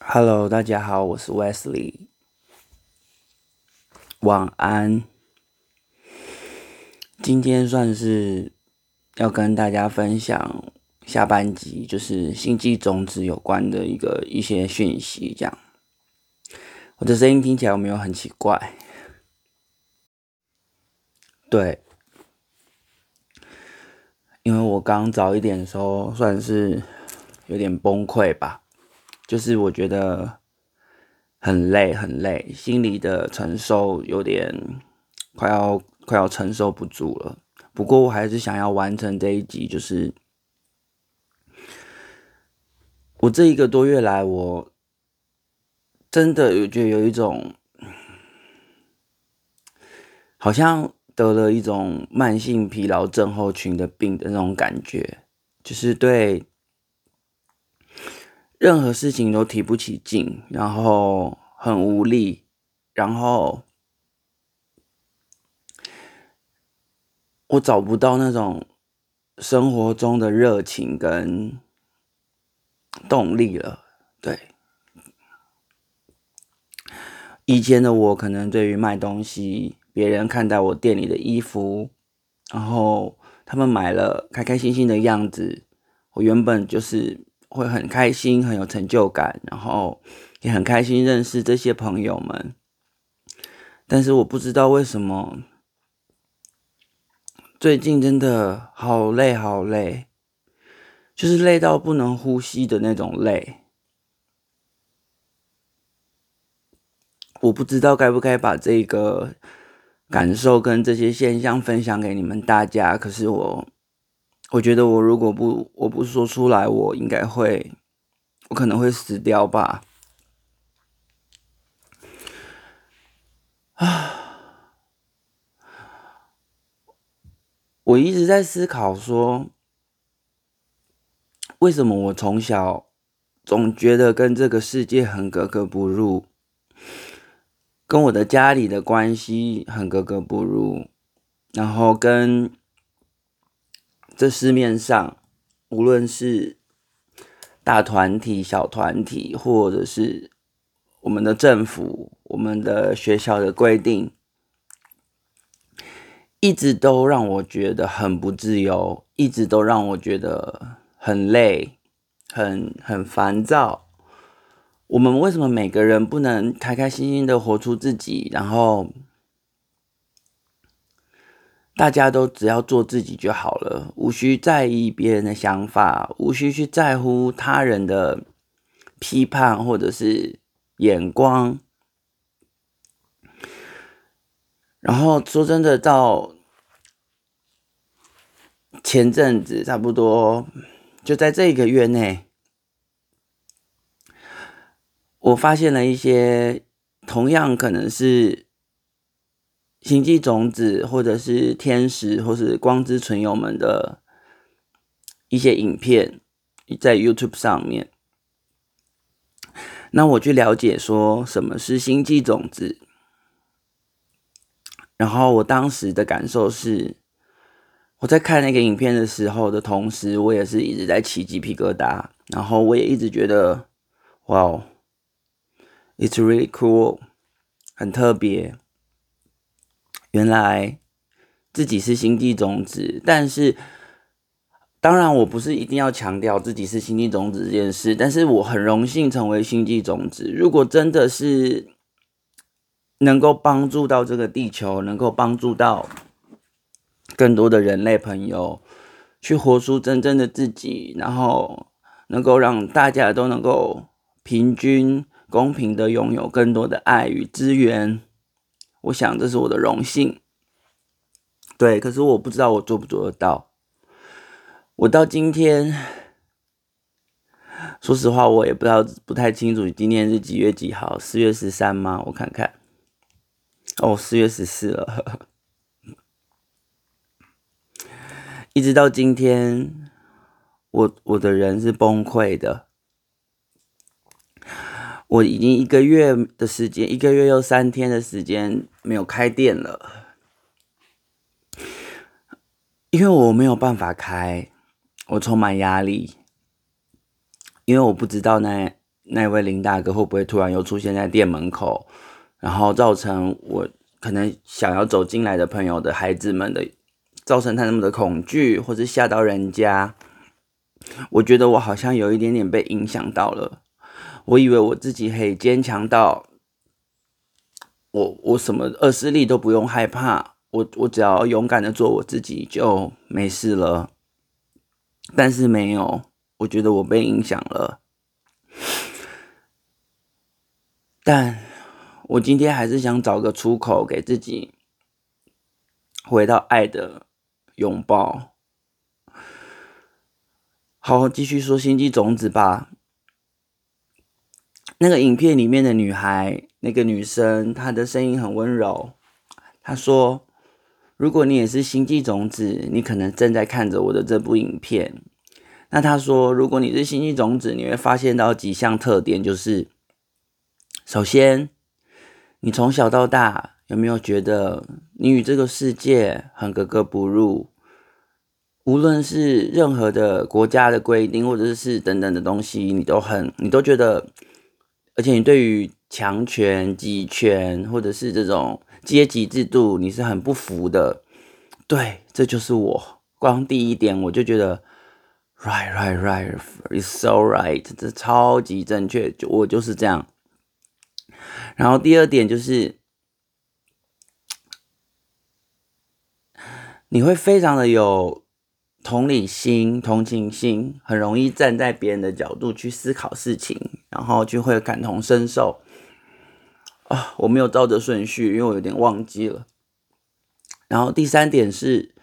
哈嘍，大家好，我是 Wesley。晚安。今天算是要跟大家分享下半集，就是星際種子有關的一個一些訊息。這樣，我的聲音聽起來有沒有很奇怪？對，因為我剛早一點的時候，算是有點崩潰吧。就是我覺得很累，很累，心裡的承受有點快要快要承受不住了。不過我還是想要完成這一集。就是我這一個多月來，我真的有覺得有一種好像得了一種慢性疲勞症候群的病的那種感覺，就是對。任何事情都提不起勁，然後很無力，然後我找不到那種生活中的熱情跟動力了。對，以前的我可能對於賣東西，別人看待我店裡的衣服，然後他們買了，開開心心的樣子，我原本就是。會很開心，很有成就感，然後也很開心認識這些朋友們。但是我不知道為什麼最近真的好累，好累，就是累到不能呼吸的那種累。我不知道該不該把這個感受跟這些現象分享給你們大家，可是我。我覺得我如果不，我不說出來，我應該會，我可能會死掉吧。啊！我一直在思考說，為什麼我從小總覺得跟這個世界很格格不入，跟我的家裡的關係很格格不入，然後跟。這市面上，無論是大團體、小團體，或者是我們的政府、我們的學校的規定，一直都讓我覺得很不自由，一直都讓我覺得很累、很很煩躁。我們為什麼每個人不能開開心心的活出自己，然後……大家都只要做自己就好了，無需在意別人的想法，無需去在乎他人的批判或者是眼光。然後說真的，到前陣子差不多就在這個月內，我發現了一些同樣可能是，星際種子，或者是天使，或是光之存有們的一些影片，在 YouTube 上面。那我去了解說什麼是星際種子，然後我當時的感受是，我在看那個影片的時候的同時，我也是一直在起雞皮疙瘩，然後我也一直覺得，哇、wow，It's really cool，很特別。原來自己是星際種子，但是當然我不是一定要強調自己是星際種子這件事，但是我很榮幸成為星際種子。如果真的是能夠幫助到這個地球，能夠幫助到更多的人類朋友，去活出真正的自己，然後能夠讓大家都能夠平均、公平地擁有更多的愛與資源。我想這是我的榮幸，對，可是我不知道我做不做得到。我到今天，說實話，我也不知道，不太清楚今天是幾月幾號，四月十三嗎？我看看，哦，四月十四了。 一直到今天，我我的人是崩潰的。我已經一個月的時間，一個月又三天的時間沒有開店了，因為我沒有辦法開，我充滿壓力，因為我不知道那那位林大哥會不會突然又出現在店門口，然後造成我可能想要走進來的朋友的孩子們的造成他那麼的恐懼，或者嚇到人家，我覺得我好像有一點點被影響到了。我以為我自己很堅強到我，我我什麼惡勢力都不用害怕，我我只要勇敢的做我自己就沒事了。但是沒有，我覺得我被影響了。但我今天還是想找個出口給自己，回到愛的擁抱。好，繼續說星際種子吧。那個影片裡面的女孩，那個女生，她的聲音很溫柔。她說：“如果你也是星際種子，你可能正在看着我的這部影片。那她說，如果你是星際種子，你會發現到幾項特點，就是首先，你從小到大有沒有覺得你與這個世界很格格不入？無論是任何的國家的規定，或者是等等的東西，你都很，你都覺得。”而且你對於強權、集權，或者是這種階級制度，你是很不服的。對，這就是我。光第一點我就覺得，right, right, right, it's so right，這超級正確，就我就是這樣。然後第二點就是，你會非常的有。同理心、同情心，很容易站在別人的角度去思考事情，然後就會感同身受。啊、哦，我沒有照着順序，因為我有點忘記了。然後第三點是，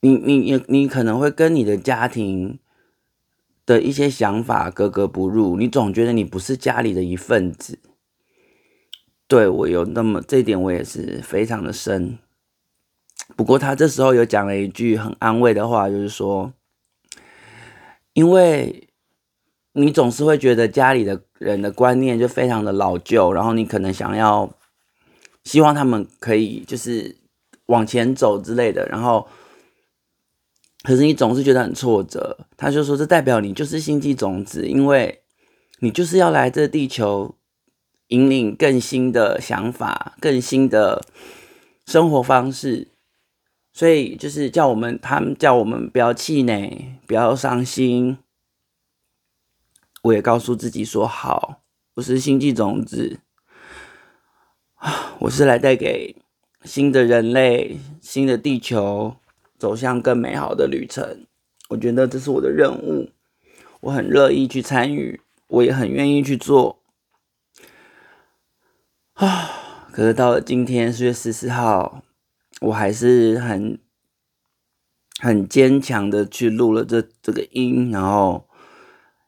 你、你、你、你可能會跟你的家庭的一些想法格格不入，你總覺得你不是家裡的一份子。對，我有那麼這點，我也是非常的深。不過他這時候有講了一句很安慰的話，就是說，因為你總是會覺得家裡的人的觀念就非常的老舊，然後你可能想要希望他們可以就是往前走之類的，然後可是你總是覺得很挫折。他就說，這代表你就是星際種子，因為你就是要來這地球引領更新的想法、更新的生活方式。所以就是叫我們，他們叫我們不要氣餒，不要傷心。我也告訴自己說：“好，我是星際種子啊，我是來帶給新的人類、新的地球走向更美好的旅程。”我覺得這是我的任務，我很樂意去參與，我也很願意去做啊。可是到了今天，四月十四號。我還是很很堅強的去錄了這這個音，然後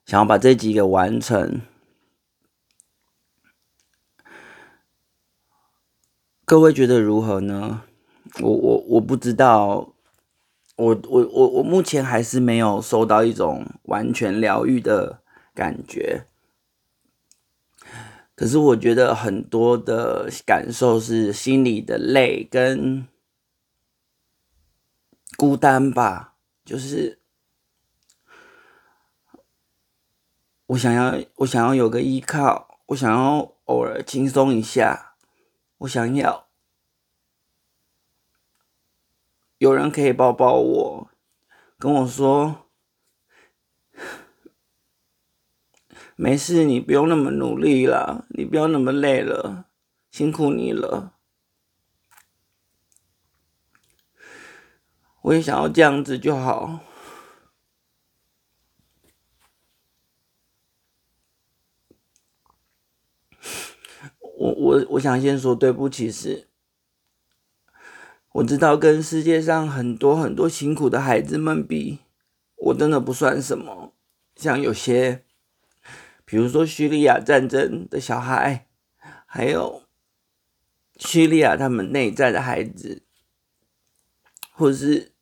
想要把這集給完成。各位覺得如何呢？我我我不知道，我我我我目前還是沒有受到一種完全療癒的感覺。可是我覺得很多的感受是心裡的累跟。孤單吧，就是我想要，我想要有個依靠，我想要偶爾輕鬆一下，我想要有人可以抱抱我，跟我說沒事，你不用那麼努力啦，你不要那麼累了，辛苦你了。我也想要這樣子就好。我我我想先說對不起，是，我知道跟世界上很多很多辛苦的孩子們比，我真的不算什麼。像有些，比如說敘利亞戰爭的小孩，還有敘利亞他們內在的孩子，或是。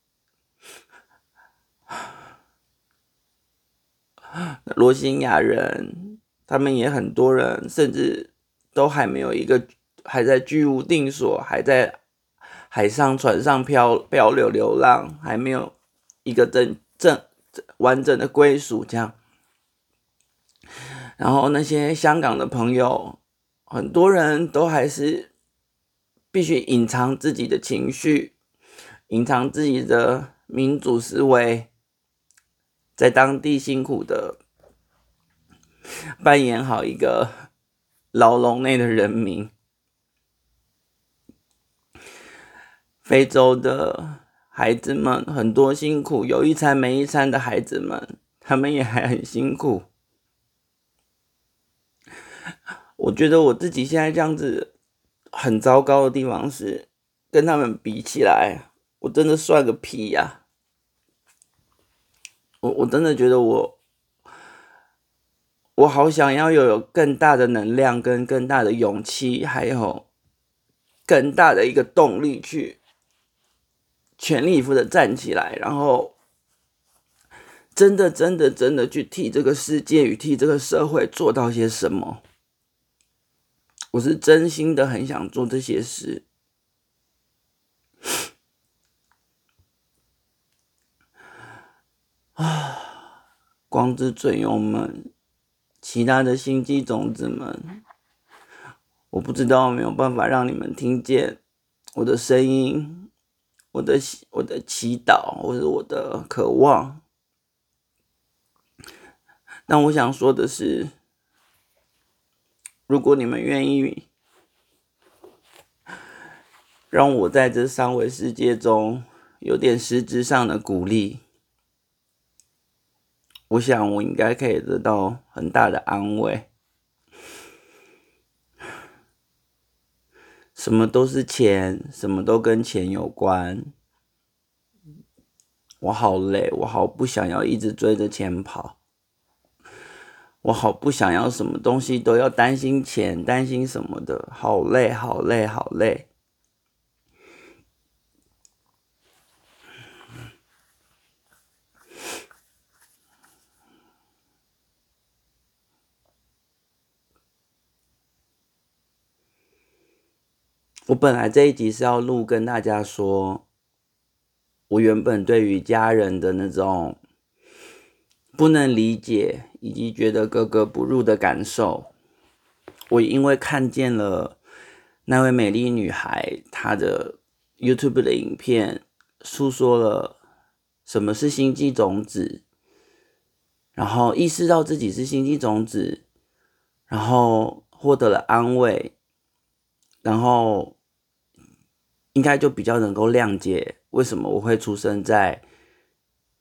羅興亞人，他們也很多人，甚至都還沒有一個，還在居無定所，還在海上船上漂漂流流、浪，還沒有一個真正，正完整的歸屬這樣。然後那些香港的朋友，很多人都還是必須隱藏自己的情緒，隱藏自己的民主思維。在當地辛苦的扮演好一個牢籠內的人民，非洲的孩子們很多辛苦，有一餐沒一餐的孩子們，他們也還很辛苦。我覺得我自己現在這樣子很糟糕的地方是，跟他們比起來，我真的算個屁呀、啊。我我真的覺得我，我好想要有有更大的能量，跟更大的勇氣，還有更大的一個動力，去全力以赴的站起來，然後真的真的真的去替這個世界與替這個社會做到些什麼。我是真心的很想做這些事。啊，光之追友們，其他的星際種子們，我不知道有沒有辦法讓你們聽見我的聲音，我的我的祈禱，或者我的渴望。但我想說的是，如果你們願意讓我在這三維世界中有點實質上的鼓勵。我想，我應該可以得到很大的安慰。什麼都是錢，什麼都跟錢有關。我好累，我好不想要一直追着錢跑。我好不想要什麼東西都要擔心錢，擔心什麼的，好累，好累，好累。我本來這一集是要錄跟大家說，我原本對於家人的那種不能理解以及覺得格格不入的感受，我因為看見了那位美麗女孩她的 YouTube 的影片，訴說了什麼是星際種子，然後意識到自己是星際種子，然後獲得了安慰。然後，應該就比較能夠諒解為什麼我會出生在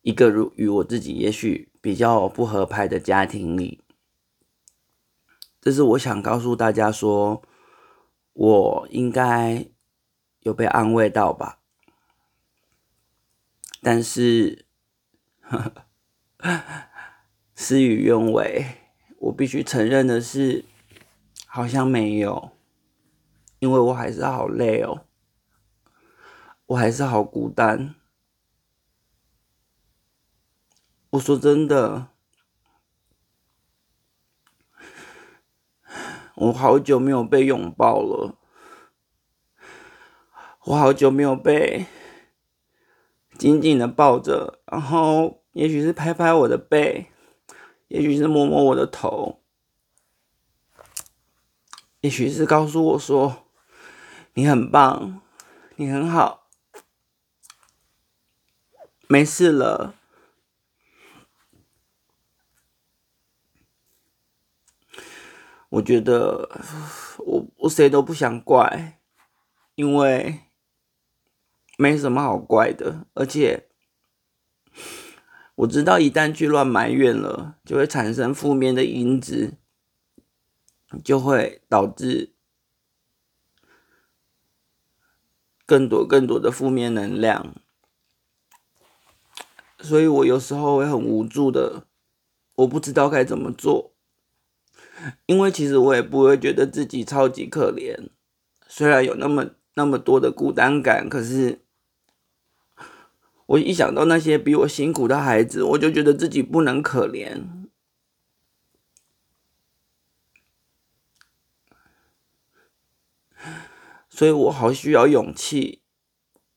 一個如與我自己也許比較不合拍的家庭裡。這是我想告訴大家說，我應該有被安慰到吧？但是，呵呵，事與願違，我必須承認的是，好像沒有。因為我還是好累哦，我還是好孤單。我說真的，我好久沒有被擁抱了，我好久沒有被緊緊的抱着，然後也許是拍拍我的背，也許是摸摸我的頭，也許是告訴我說。你很棒，你很好，沒事了。我覺得我我誰都不想怪，因為沒什麼好怪的，而且我知道一旦去亂埋怨了，就會產生負面的因子，就會導致。更多更多的負面能量，所以我有時候會很無助的，我不知道該怎麼做。因為其實我也不會覺得自己超級可憐，雖然有那麼那麼多的孤單感，可是我一想到那些比我辛苦的孩子，我就覺得自己不能可憐。所以我好需要勇氣，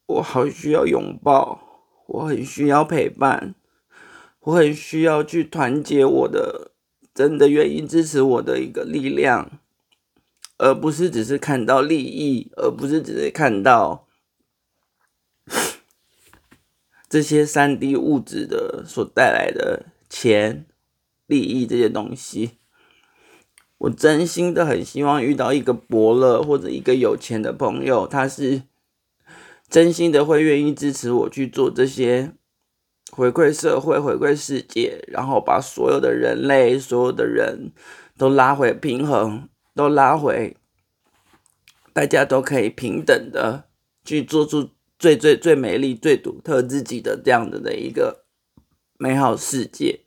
我好需要擁抱，我很需要陪伴，我很需要去團結我的，真的願意支持我的一個力量，而不是只是看到利益，而不是只是看到這些 3D 物質的所帶來的錢利益這些東西。我真心的很希望遇到一個伯樂，或者一個有錢的朋友，他是真心的會願意支持我去做這些回饋社會、回饋世界，然後把所有的人類、所有的人都拉回平衡，都拉回大家都可以平等的去做出最最最美麗、最獨特自己的這樣的的一個美好世界。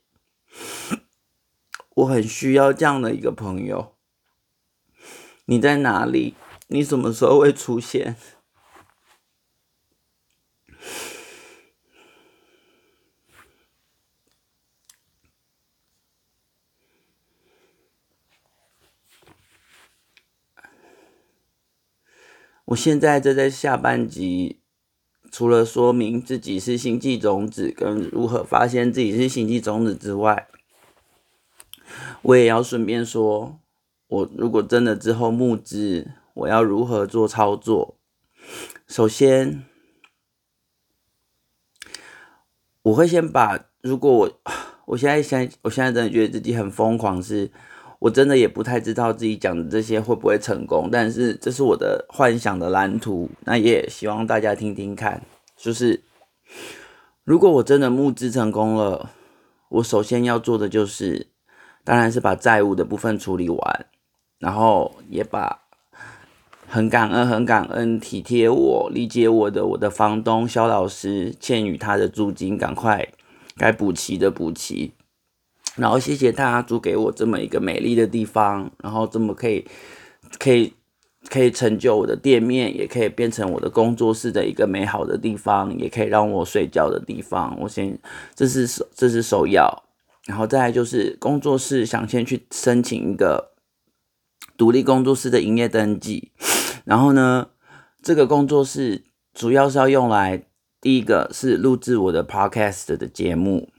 我很需要這樣的一個朋友。你在哪裡？你什麼時候會出現？我現在正在下半集，除了說明自己是星際種子，跟如何發現自己是星際種子之外。我也要順便說，我如果真的之後募資，我要如何做操作？首先，我會先把如果我我現在想，我現在真的覺得自己很瘋狂是，是我真的也不太知道自己講的這些會不會成功，但是這是我的幻想的藍圖，那也，也希望大家聽聽看。就是如果我真的募資成功了，我首先要做的就是。當然是把債務的部分處理完，然後也把很感恩、很感恩、體貼我、理解我的我的房東肖老師欠予他的租金趕快該補齊的補齊，然後謝謝他租給我這麼一個美麗的地方，然後這麼可以可以可以成就我的店面，也可以變成我的工作室的一個美好的地方，也可以讓我睡覺的地方。我先這是首這是首要。然後再來就是工作室想先去申請一個獨立工作室的營業登記，然後呢，這個工作室主要是要用來第一個是錄製我的 podcast 的節目，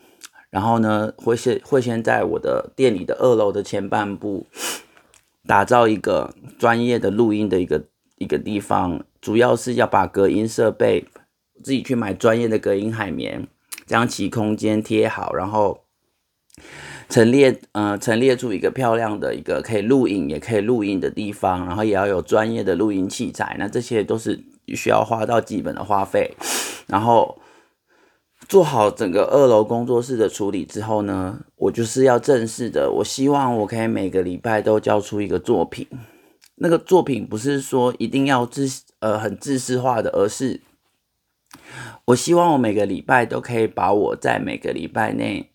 然後呢會先會先在我的店裡的二樓的前半部打造一個專業的錄音的一個一個地方，主要是要把隔音設備自己去買專業的隔音海綿，將其空間貼好，然後。陳列，嗯、呃，陳列出一個漂亮的一個可以錄影，也可以錄影的地方，然後也要有專業的錄音器材，那這些都是需要花到基本的花費。然後做好整個二樓工作室的處理之後呢，我就是要正式的，我希望我可以每個禮拜都交出一個作品。那個作品不是說一定要制，呃，很制式化的，而是我希望我每個禮拜都可以把我在每個禮拜內。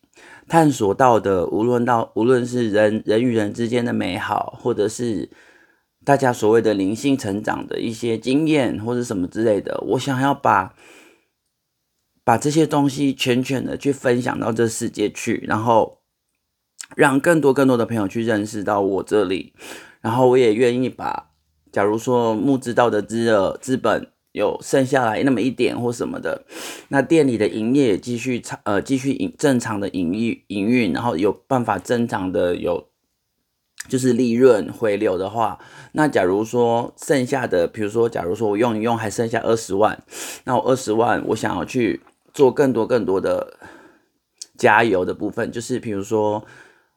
探索到的，無論到無論是人人與人之間的美好，或者是大家所謂的靈性成長的一些經驗，或者什麼之類的，我想要把把這些東西全全的去分享到這世界去，然後讓更多更多的朋友去認識到我這裡，然後我也願意把，假如說募資到的資呃資本。有剩下來那麼一點或什麼的，那店裡的營業也繼續呃繼續營正常的營運，營運然後有辦法正常的有就是利潤回流的話，那假如說剩下的，比如說假如說我用一用還剩下二十萬，那我二十萬我想要去做更多更多的加油的部分，就是比如說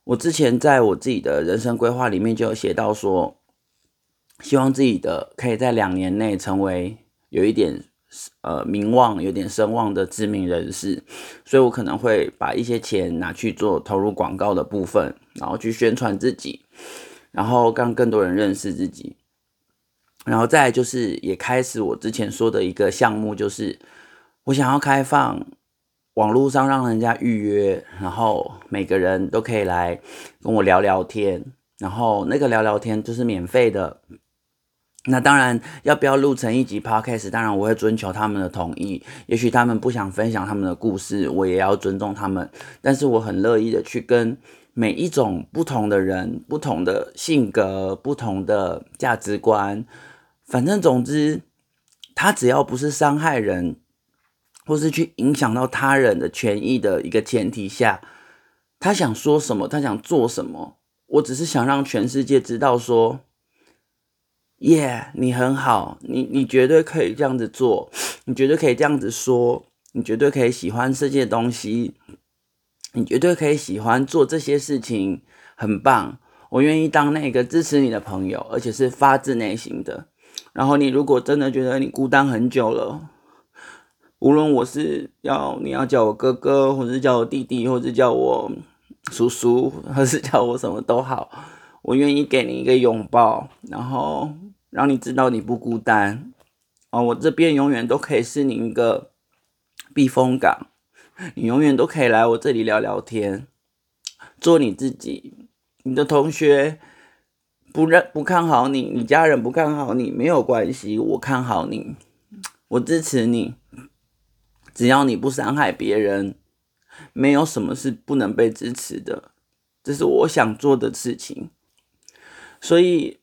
我之前在我自己的人生規劃裡面就有寫到說，希望自己的可以在兩年內成為。有一點呃名望，有點聲望的知名人士，所以我可能會把一些錢拿去做投入廣告的部分，然後去宣傳自己，然後讓更多人認識自己，然後再來就是也開始我之前說的一個項目，就是我想要開放網絡上讓人家預約，然後每個人都可以來跟我聊聊天，然後那個聊聊天就是免費的。那當然，要不要錄成一集 podcast？當然，我會徵求他們的同意。也許他們不想分享他們的故事，我也要尊重他們。但是，我很樂意的去跟每一種不同的人、不同的性格、不同的價值觀，反正總之，他只要不是傷害人，或是去影響到他人的權益的一個前提下，他想說什麼，他想做什麼，我只是想讓全世界知道說。耶，你很好，你你絕對可以這樣子做，你絕對可以這樣子說，你絕對可以喜歡世界的東西，你絕對可以喜歡做這些事情，很棒。我願意當那個支持你的朋友，而且是發自內心的。然後你如果真的覺得你孤單很久了，無論我是要你要叫我哥哥，或是叫我弟弟，或是叫我叔叔，或是叫我什麼都好，我願意給你一個擁抱，然後。讓你知道你不孤單，哦，我這邊永遠都可以是你一個避風港，你永遠都可以來我這裡聊聊天，做你自己。你的同學不認，不看好你，你家人不看好你，沒有關係，我看好你，我支持你。只要你不傷害別人，沒有什麼是不能被支持的。這是我想做的事情，所以。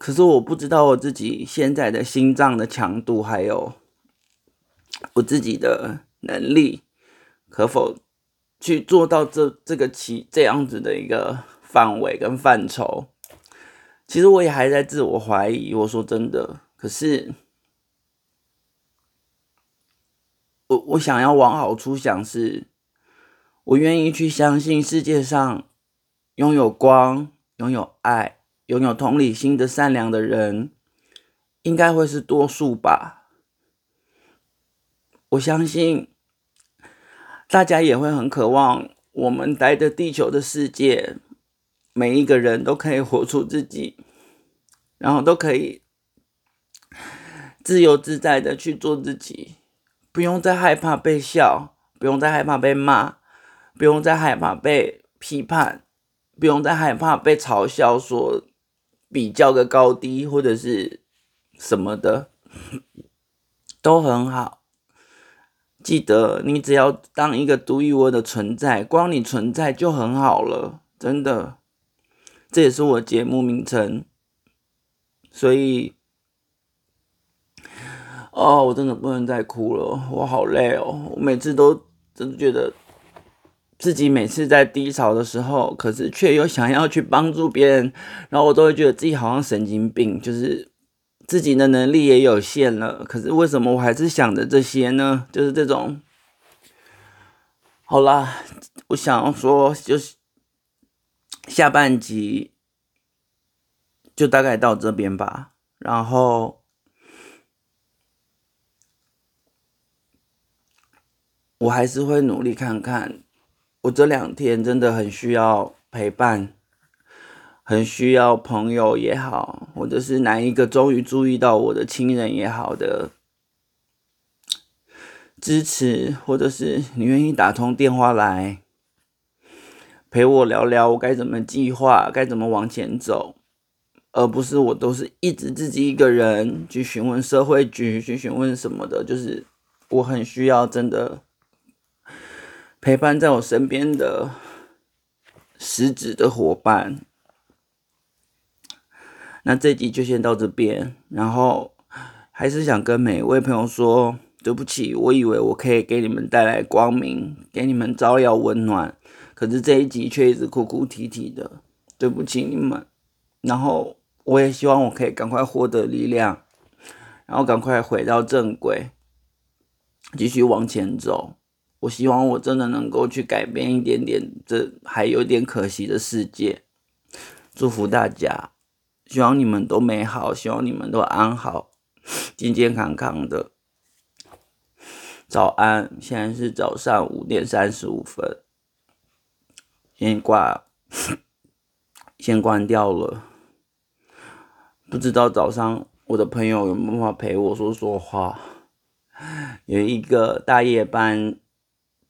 可是我不知道我自己現在的心臟的強度，還有我自己的能力，可否去做到這這個其這樣子的一個範圍跟範疇？其實我也還在自我懷疑，我說真的。可是我我想要往好處想是，是我願意去相信世界上擁有光，擁有愛。擁有同理心的善良的人，應該會是多數吧。我相信，大家也會很渴望我們待在的地球的世界，每一個人都可以活出自己，然後都可以自由自在的去做自己，不用再害怕被笑，不用再害怕被罵，不用再害怕被批判，不用再害怕被嘲笑說。比較個高低，或者是什麼的，都很好。記得你只要當一個獨一無二的存在，光你存在就很好了，真的。這也是我節目名稱，所以，哦，我真的不能再哭了，我好累哦，我每次都真的覺得。自己每次在低潮的時候，可是卻又想要去幫助別人，然後我都會覺得自己好像神經病，就是自己的能力也有限了。可是為什麼我還是想着這些呢？就是這種。好啦，我想要說，就是下半集就大概到這邊吧。然後我還是會努力看看。我這兩天真的很需要陪伴，很需要朋友也好，或者是哪一個終於注意到我的親人也好的支持，或者是你願意打通電話來陪我聊聊，我該怎麼計劃，該怎麼往前走，而不是我都是一直自己一個人去詢問社會局，去詢問什麼的，就是我很需要真的。陪伴在我身邊的十指的夥伴，那這一集就先到這邊。然後還是想跟每一位朋友說，對不起，我以為我可以給你們帶來光明，給你們招搖溫暖，可是這一集卻一直哭哭啼啼的，對不起你們。然後我也希望我可以趕快獲得力量，然後趕快回到正軌，繼續往前走。我希望我真的能夠去改變一點點這還有點可惜的世界。祝福大家，希望你們都美好，希望你們都安好，健健康康的。早安，現在是早上五點三十五分，先掛，先關掉了。不知道早上我的朋友有沒有辦法陪我說說話？有一個大夜班。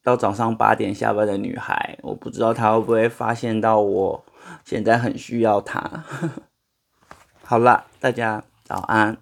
到早上八點下班的女孩，我不知道她會不會發現到我現在很需要她。 好了，大家早安。